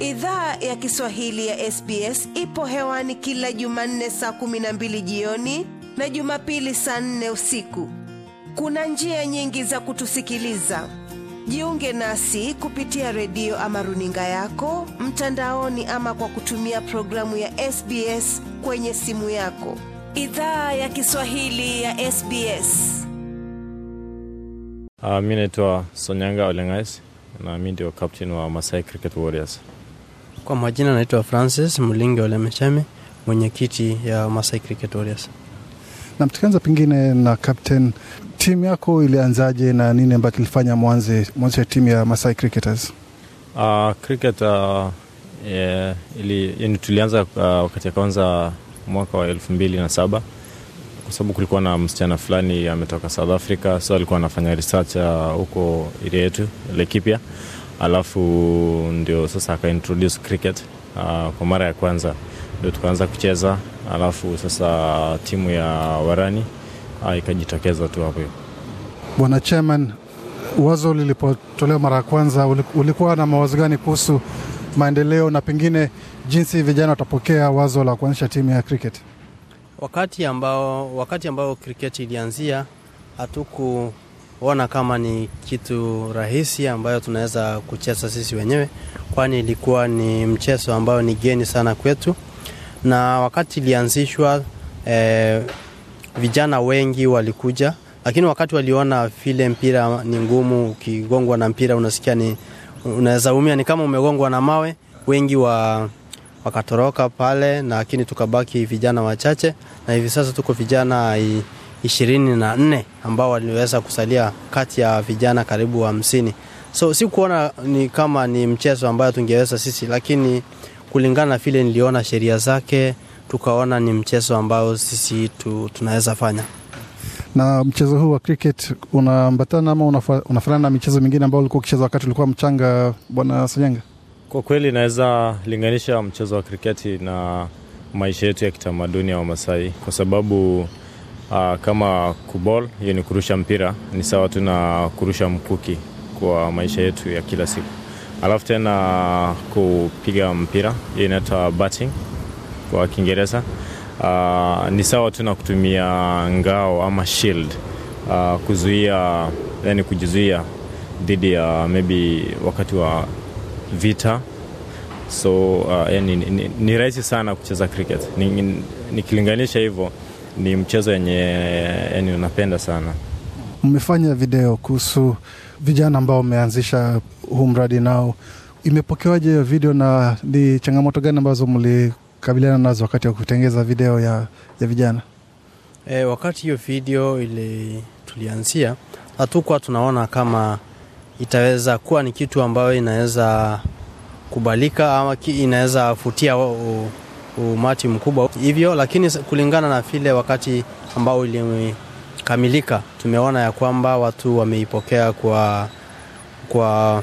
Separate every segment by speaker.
Speaker 1: idhaa ya kiswahili ya sbs ipo hewani kila jumanne saa kumi na mbili jioni na jumapili saa nne usiku kuna njia nyingi za kutusikiliza jiunge nasi kupitia redio ama runinga yako mtandaoni ama kwa kutumia programu ya sbs kwenye simu yako
Speaker 2: idhaa ya kiswahili ya sbs
Speaker 3: uh, ah, mi naitwa sonyanga olengais na mi ndio captain wa masai cricket warriors
Speaker 1: kwa majina naitwa Francis Mlingi Ole Mechemi, mwenyekiti ya Masai Cricket Warriors.
Speaker 2: Na tukianza pengine na captain, timu yako ilianzaje na nini ambacho kilifanya mwanze mwanze ya timu ya Masai Cricketers?
Speaker 3: Uh, cricket uh, yeah, eh, ili, yani tulianza uh, wakati ya kwanza mwaka wa elfu mbili na saba kwa sababu kulikuwa na msichana fulani ametoka South Africa, so alikuwa anafanya research ah, huko uh, area yetu Laikipia alafu ndio sasa aka introduce cricket uh, kwa mara ya kwanza ndio tukaanza kucheza, alafu sasa timu ya Warani uh, ikajitokeza tu hapo.
Speaker 2: Bwana Chairman, wazo lilipotolewa mara ya kwanza ulikuwa na mawazo gani kuhusu maendeleo na pengine jinsi vijana watapokea wazo la kuanzisha timu ya cricket?
Speaker 1: Wakati ambao, wakati ambao cricket ilianzia hatuku ona kama ni kitu rahisi ambayo tunaweza kucheza sisi wenyewe, kwani ilikuwa ni mchezo ambayo ni geni sana kwetu, na wakati ilianzishwa eh, vijana wengi walikuja, lakini wakati waliona vile mpira ni ngumu, ukigongwa na mpira unasikia ni unaweza umia, ni kama umegongwa na mawe, wengi wa wakatoroka pale, lakini tukabaki vijana wachache, na hivi sasa tuko vijana i, ishirini na nne ambao waliweza kusalia kati ya vijana karibu hamsini. So si kuona ni kama ni mchezo ambayo tungeweza sisi, lakini kulingana na vile niliona sheria zake, tukaona ni mchezo ambao sisi tu, tunaweza fanya.
Speaker 2: Na mchezo huu wa cricket unaambatana ama unafanana na michezo mingine ambayo ulikuwa ukicheza wakati ulikuwa mchanga, Bwana Sanyanga?
Speaker 3: Kwa kweli naweza linganisha mchezo wa kriketi na maisha yetu ya kitamaduni ya Wamasai kwa sababu Aa, ah, kama kubol hiyo ni kurusha mpira, ni sawa tu na kurusha mkuki kwa maisha yetu ya kila siku. Alafu tena kupiga mpira, hiyo inaitwa batting kwa Kiingereza. Uh, ni sawa tu na kutumia ngao ama shield uh, kuzuia yani kujizuia dhidi ya maybe wakati wa vita so uh, yani, ni, ni, ni rahisi sana kucheza cricket nikilinganisha ni hivyo ni mchezo yenye yani unapenda sana.
Speaker 2: Mmefanya video kuhusu vijana ambao wameanzisha huu mradi nao, imepokewaje hiyo video na ni changamoto gani ambazo mlikabiliana nazo wakati wa kutengeza video ya, ya vijana?
Speaker 1: E, wakati hiyo video ili tulianzia hatukuwa tunaona kama itaweza kuwa ni kitu ambayo inaweza kubalika ama inaweza futia umati mkubwa hivyo, lakini kulingana na vile wakati ambao ilikamilika, tumeona ya kwamba watu wameipokea kwa, kwa,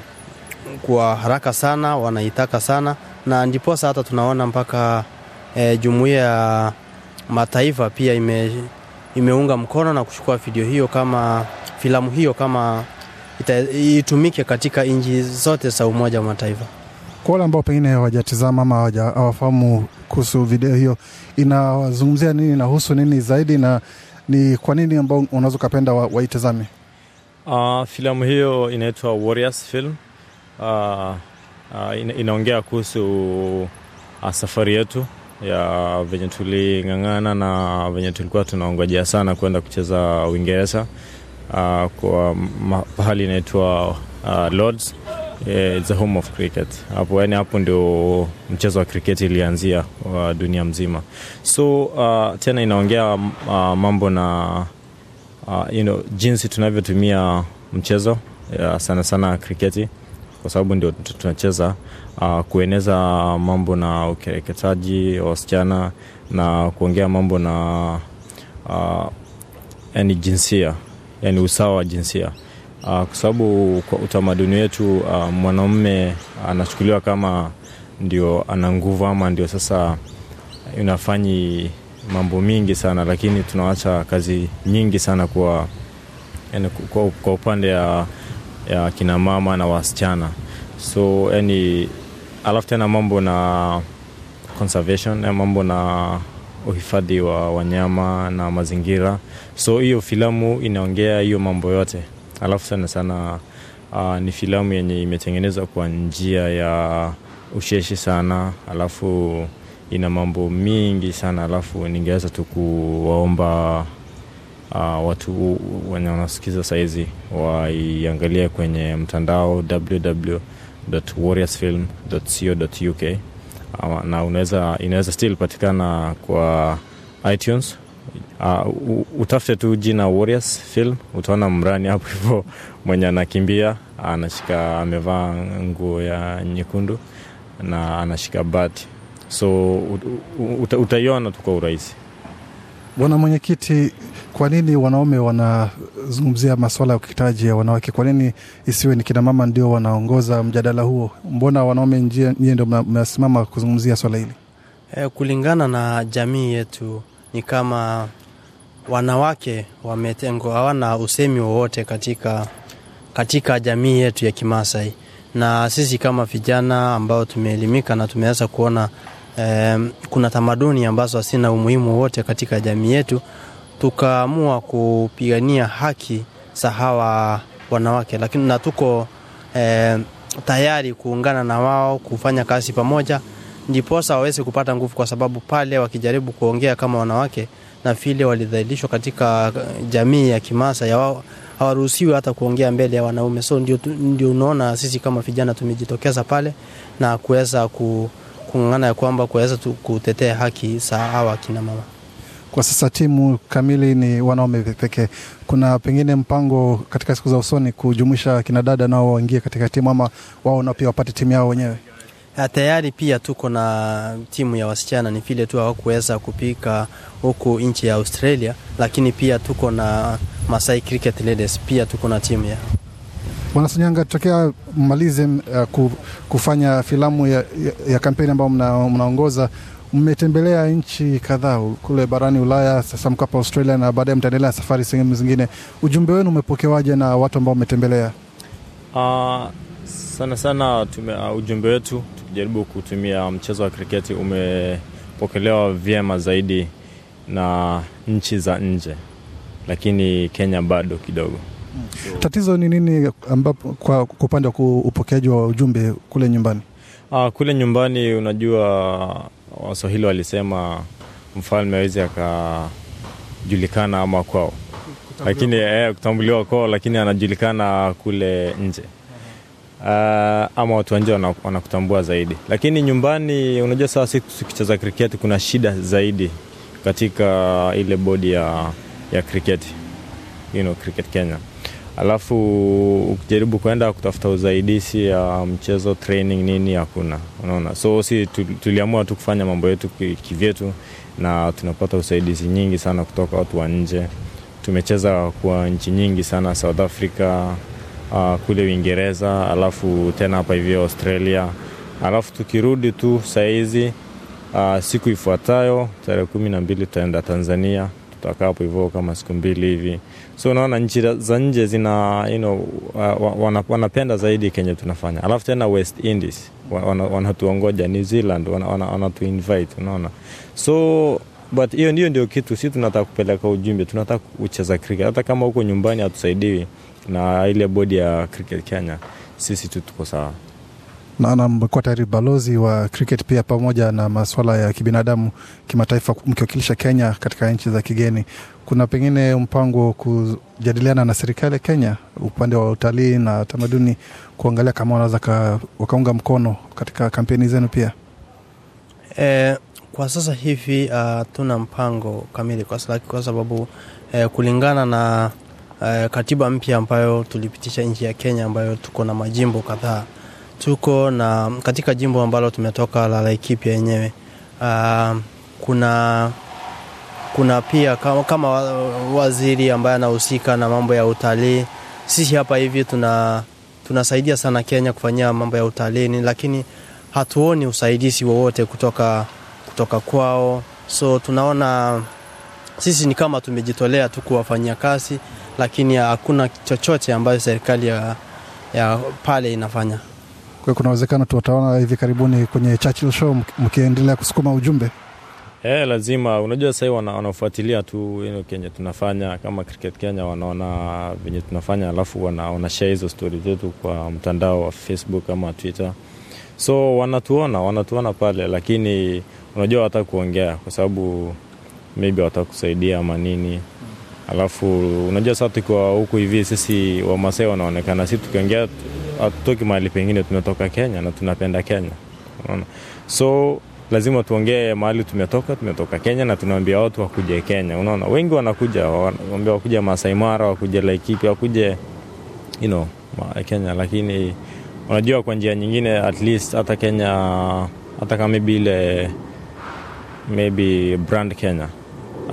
Speaker 1: kwa haraka sana, wanaitaka sana, na ndiposa hata tunaona mpaka e, eh, jumuiya ya mataifa pia ime, imeunga mkono na kuchukua video hiyo kama filamu hiyo kama ita, itumike katika nchi zote za Umoja wa Mataifa.
Speaker 2: Kwa wale ambao pengine hawajatizama ama hawafahamu kuhusu video hiyo, inawazungumzia nini, inahusu nini zaidi, na ni kwa nini ambao unaweza ukapenda waitazame?
Speaker 3: Wa uh, filamu hiyo inaitwa Warriors film. Uh, uh, ina, inaongea kuhusu uh, safari yetu ya venye tuling'ang'ana na venye tulikuwa tunaongojea sana kwenda kucheza Uingereza uh, kwa pahali inaitwa uh, Lords Yeah, it's home of cricket. Hapo yani, hapo ndio mchezo wa cricket ilianzia wa dunia mzima. So uh, tena inaongea uh, mambo na uh, you know, jinsi tunavyotumia mchezo uh, sana sana kriketi kwa sababu ndio tunacheza uh, kueneza mambo na ukereketaji wa wasichana na kuongea mambo na uh, yani jinsia yani usawa wa jinsia Ah, kwa sababu kwa utamaduni wetu ah, mwanaume anachukuliwa kama ndio ana nguvu ama ndio sasa unafanyi mambo mingi sana, lakini tunawacha kazi nyingi sana kwa, yani, kwa, kwa upande ya, ya kinamama na wasichana so yani, alafu tena mambo na conservation ya eh, mambo na uhifadhi wa wanyama na mazingira, so hiyo filamu inaongea hiyo mambo yote alafu sana sana uh, ni filamu yenye imetengenezwa kwa njia ya usheshi sana, alafu ina mambo mingi sana, alafu ningeweza tu kuwaomba uh, watu wenye wanasikiza sahizi waiangalie kwenye mtandao www.warriorsfilm.co.uk ah, na unaweza inaweza still patikana kwa iTunes uh, utafute tu jina Warriors film, utaona mrani hapo hivo mwenye anakimbia anashika, amevaa nguo ya nyekundu na anashika bati, so uta, utaiona tu kwa urahisi.
Speaker 2: Bwana Mwenyekiti, kwa nini wanaume wanazungumzia maswala ya ukeketaji ya wanawake? Kwa nini isiwe ni kinamama ndio wanaongoza mjadala huo? Mbona wanaume nyie ndio mnasimama kuzungumzia swala hili?
Speaker 1: e, kulingana na jamii yetu ni kama wanawake wametengwa, hawana usemi wowote katika, katika jamii yetu ya Kimasai, na sisi kama vijana ambao tumeelimika na tumeweza kuona eh, kuna tamaduni ambazo hazina umuhimu wowote katika jamii yetu, tukaamua kupigania haki za hawa wanawake, lakini na tuko eh, tayari kuungana na wao kufanya kazi pamoja ndiposa waweze kupata nguvu, kwa sababu pale wakijaribu kuongea kama wanawake na vile walidhalilishwa katika eh, jamii ya Kimasa ya wao hawaruhusiwi hata kuongea mbele ya wanaume. So ndio, ndio unaona sisi kama vijana tumejitokeza pale na kuweza ku, kung'ang'ana ya kwamba kuweza kutetea haki za hawa akina
Speaker 2: mama. Kwa sasa timu kamili ni wanaume pekee. Kuna pengine mpango katika siku za usoni kujumuisha kinadada nao waingie katika timu ama wao nao pia wapate timu yao wenyewe?
Speaker 1: tayari pia tuko na timu ya wasichana, ni vile tu hawakuweza kupika huku nchi ya Australia, lakini pia tuko na Masai Cricket Ladies, pia tuko na timu ya
Speaker 2: Bwana Sanyanga, tokea mmalize uh, kufanya filamu ya, ya, ya kampeni ambayo mnaongoza mna mmetembelea nchi kadhaa kule barani Ulaya, sasa mkapa Australia na baadaye mtaendelea safari sehemu zingine. Ujumbe wenu umepokewaje na watu ambao mmetembelea?
Speaker 3: Uh, sana sana tume, uh, ujumbe wetu kujaribu kutumia mchezo wa kriketi umepokelewa vyema zaidi na nchi za nje, lakini Kenya bado kidogo. So,
Speaker 2: tatizo ni nini ambapo kwa upande wa upokeaji wa ujumbe kule nyumbani?
Speaker 3: Uh, kule nyumbani unajua, Waswahili walisema mfalme awezi akajulikana ama kwao, lakini eh, kutambuliwa kwao, lakini anajulikana kule nje uh, ama watu wa nje wanakutambua zaidi. Lakini nyumbani, unajua sasa, tukicheza kriketi kuna shida zaidi katika ile bodi ya, ya kriketi you know, kriket Kenya alafu ukijaribu kuenda kutafuta uzaidisi ya mchezo training nini hakuna, unaona. So si tuliamua tu kufanya mambo yetu kivyetu, na tunapata usaidizi nyingi sana kutoka watu wa nje. Tumecheza kwa nchi nyingi sana, South Africa, uh, kule Uingereza, alafu tena hapa hivi Australia, alafu tukirudi tu sahizi uh, ah, siku ifuatayo tarehe kumi na mbili tutaenda Tanzania, tutakaa hapo hivyo kama siku mbili hivi. So unaona nchi za nje zina you know, uh, wana, wanapenda zaidi kenye tunafanya, alafu tena West Indies wanatuongoja wana, wana New Zealand wanatuinvite wana, wana unaona so but hiyo ndio ndio kitu si tunataka kupeleka ujumbe, tunataka kucheza cricket. Hata kama huko nyumbani hatusaidiwi na ile bodi ya cricket Kenya, sisi tu tuko sawa.
Speaker 2: Naona mmekuwa tayari balozi wa cricket pia pamoja na masuala ya kibinadamu kimataifa, mkiwakilisha Kenya katika nchi za kigeni. Kuna pengine mpango kujadiliana na serikali ya Kenya upande wa utalii na tamaduni, kuangalia kama wanaweza wakaunga mkono katika kampeni zenu pia?
Speaker 1: Eh, kwa sasa hivi uh, tuna mpango kamili kwa, kwa sababu eh, kulingana na eh, katiba mpya ambayo tulipitisha nchi ya Kenya ambayo tuko na majimbo kadhaa. Tuko na katika jimbo ambalo tumetoka la Laikipia yenyewe uh, kuna kuna pia kama, kama waziri ambaye anahusika na mambo ya utalii. Sisi hapa hivi tuna tunasaidia sana Kenya kufanyia mambo ya utalii, lakini hatuoni usaidizi wowote kutoka kutoka kwao, so tunaona sisi ni kama tumejitolea tu kuwafanyia kazi, lakini hakuna chochote ambayo serikali ya, ya pale inafanya.
Speaker 2: Kwa kuna uwezekano tuwataona hivi karibuni kwenye Churchill Show mkiendelea kusukuma ujumbe?
Speaker 3: E, lazima. Unajua sahii wanafuatilia tu kenye tunafanya kama Cricket Kenya, wanaona venye tunafanya, alafu wanaona share hizo stori zetu kwa mtandao wa Facebook ama Twitter so wanatuona wanatuona pale, lakini unajua hata kuongea kwa sababu maybe watakusaidia ama nini. Alafu unajua saa tukiwa huku hivi sisi Wamasai wanaonekana, si tukiongea hatutoki mahali pengine, tumetoka Kenya na tunapenda Kenya, Ona. so lazima tuongee mahali tumetoka, tumetoka Kenya na tunaambia watu wakuje Kenya. Unaona, wengi wanakuja, wanaambia wakuja masaimara Mara, wakuje Laikipia, wakuje you know, Kenya, lakini unajua kwa njia nyingine at least hata Kenya hata kama maybe ile maybe brand Kenya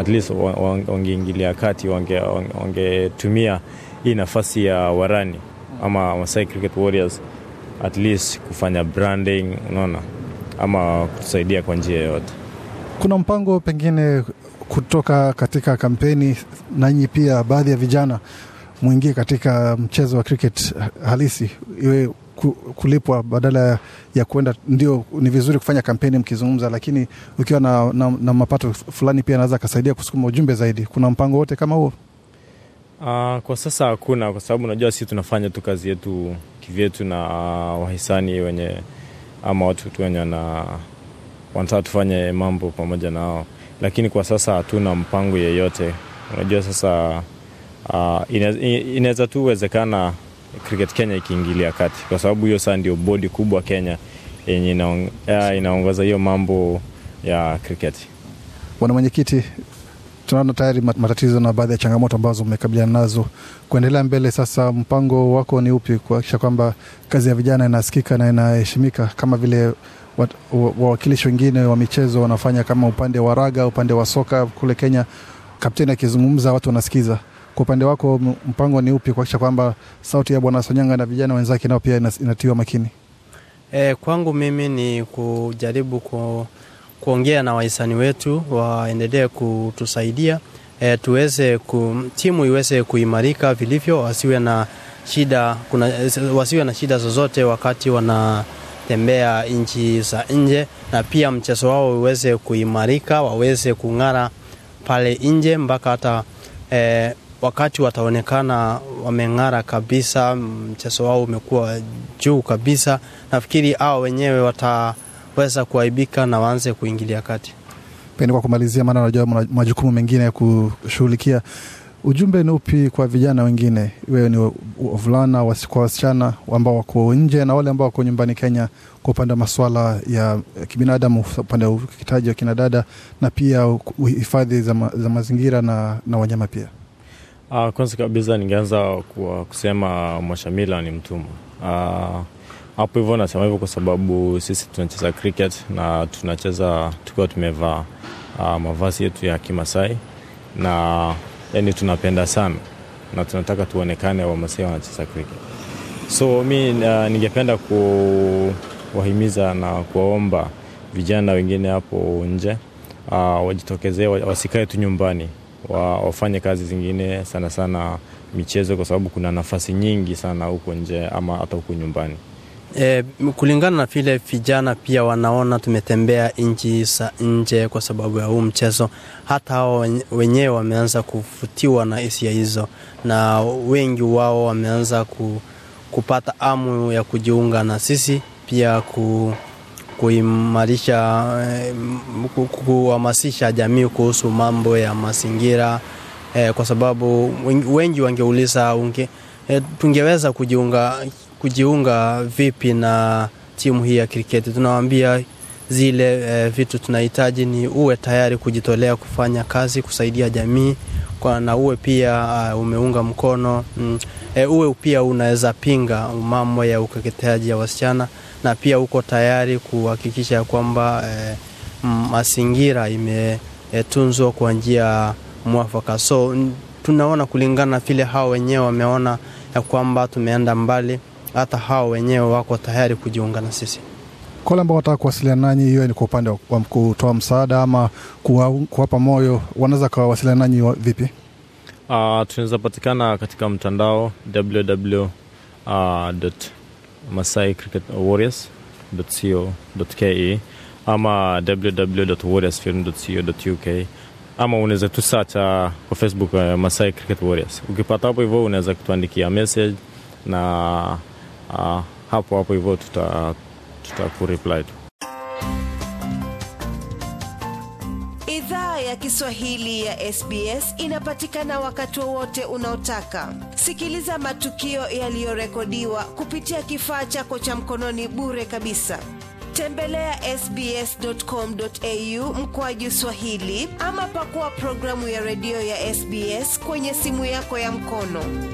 Speaker 3: at least wangeingilia kati, wangetumia wange hii nafasi ya Warani ama Masai Cricket Warriors at least kufanya branding, unaona, ama kutusaidia kwa njia yoyote.
Speaker 2: Kuna mpango pengine kutoka katika kampeni, nanyi pia baadhi ya vijana mwingie katika mchezo wa cricket halisi, iwe kulipwa badala ya kuenda. Ndio, ni vizuri kufanya kampeni mkizungumza, lakini ukiwa na, na, na mapato fulani pia anaweza akasaidia kusukuma ujumbe zaidi. Kuna mpango wote kama huo?
Speaker 3: Uh, kwa sasa hakuna, kwa sababu unajua sisi tunafanya tu kazi yetu kivyetu na uh, wahisani wenye ama watu tu wenye na wanataka tufanye mambo pamoja na lakini kwa sasa hatuna mpango yeyote. Unajua sasa, uh, inaweza tu uwezekana Cricket Kenya ikiingilia kati, kwa sababu hiyo saa ndio bodi kubwa Kenya yenye inaongoza hiyo mambo ya cricket. Bwana Mwenyekiti,
Speaker 2: tunaona tayari matatizo na baadhi ya changamoto ambazo mmekabiliana nazo kuendelea mbele. Sasa mpango wako ni upi kuhakikisha kwamba kazi ya vijana inasikika na inaheshimika kama vile wawakilishi wengine wa michezo wanafanya, kama upande wa raga, upande wa soka kule Kenya? Kapteni akizungumza watu wanasikiza. Kwa upande wako mpango ni upi kuhakikisha kwamba sauti ya Bwana Sonyanga na vijana wenzake nao pia inatiwa makini?
Speaker 1: E, kwangu mimi ni kujaribu ku, kuongea na wahisani wetu waendelee kutusaidia e, tuweze ku, timu iweze kuimarika vilivyo, wasiwe na shida kuna, wasiwe na shida zozote wakati wanatembea nchi za nje, na pia mchezo wao uweze kuimarika, waweze kung'ara pale nje mpaka hata eh, wakati wataonekana wameng'ara kabisa, mchezo wao umekuwa juu kabisa, nafikiri hao wenyewe wataweza kuaibika na waanze kuingilia kati.
Speaker 2: Pengine kwa kumalizia, maana unajua majukumu mengine ya kushughulikia, ujumbe ni upi kwa vijana wengine, wewe ni wavulana wasi, kwa wasichana ambao wako nje na wale ambao wako nyumbani Kenya, kwa upande wa masuala ya kibinadamu, upande wa ukeketaji wa kinadada na pia hifadhi za, ma, za mazingira na, na wanyama pia?
Speaker 3: Uh, kwanza kabisa ningeanza kwa kusema Mwashamila ni mtumwa ah, hapo. Uh, hivyo nasema hivyo kwa sababu sisi tunacheza cricket na tunacheza tukiwa tumevaa uh, mavazi yetu ya Kimasai na yani tunapenda sana na tunataka tuonekane Wamasai wanacheza cricket. So mi uh, ningependa kuwahimiza na kuwaomba vijana wengine hapo nje uh, wajitokezee, wasikae tu nyumbani wa, wafanye kazi zingine sana sana michezo, kwa sababu kuna nafasi nyingi sana huko nje ama hata huko nyumbani.
Speaker 1: E, kulingana na vile vijana pia wanaona tumetembea nchi za nje kwa sababu ya huu mchezo, hata hao wenyewe wameanza kuvutiwa na hisia hizo, na wengi wao wameanza ku, kupata amu ya kujiunga na sisi pia ku kuimarisha, eh, kuhamasisha jamii kuhusu mambo ya mazingira eh, kwa sababu wengi wangeuliza unge, eh, tungeweza kujiunga, kujiunga vipi na timu hii ya kriketi. Tunawaambia zile eh, vitu tunahitaji ni uwe tayari kujitolea kufanya kazi kusaidia jamii kwa, na uwe pia uh, umeunga mkono mm, eh, uwe pia unaweza pinga mambo ya ukeketaji ya wasichana na pia uko tayari kuhakikisha kwamba e, mazingira imetunzwa e, kwa njia mwafaka. So tunaona kulingana vile hao wenyewe wameona ya kwamba tumeenda mbali, hata hao wenyewe wako tayari kujiunga na sisi.
Speaker 2: Kwa wale ambao wataka kuwasiliana nanyi, hiyo ni kwa upande wa kutoa msaada ama kuwapa moyo, wanaweza kawasiliana nanyi vipi?
Speaker 3: Uh, tunaweza patikana katika mtandao www ah, Masai Cricket Warriors .co.ke ama www.warriorsfilm.co.uk ama unaweza tu search uh, kwa Facebook uh, Masai Cricket Warriors. Ukipata hapo hivyo, unaweza kutuandikia message na uh, hapo hapo hivyo tuta, tuta kureply tu.
Speaker 1: ya Kiswahili ya SBS inapatikana wakati wowote unaotaka. Sikiliza matukio yaliyorekodiwa kupitia kifaa chako cha mkononi bure kabisa. Tembelea sbs.com.au mkoaju Swahili ama pakua programu ya redio ya SBS kwenye simu yako ya mkono.